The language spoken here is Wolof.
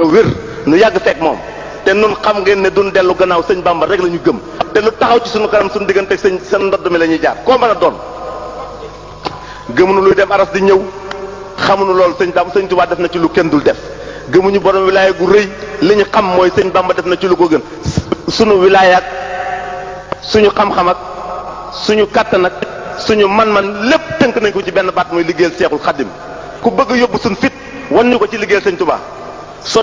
ba wér nu yàgg fekk moom te nun xam ngeen ne duñ dellu gannaaw sëñ Bamba rek la ñu gëm te lu taxaw ci suñu kanam suñu diggante sëñ seen ndodd mi la ñuy jaar koo mën a doon gëmuñu luy dem aras di ñëw xamuñu loolu sëñ Bamba sëñ Tuubaa def na ci lu kenn dul def gëmuñu borom wilaaya gu rëy li ñu xam mooy sëñ Bamba def na ci lu ko gën suñu wilaaya ak suñu xam-xam ak suñu kàttan ak suñu man-man lépp tënk nañ ko ci benn baat muy liggéeyal Seexul Xaddim ku bëgg yóbbu suñ fit wan ñu ko ci liggéeyal sëñ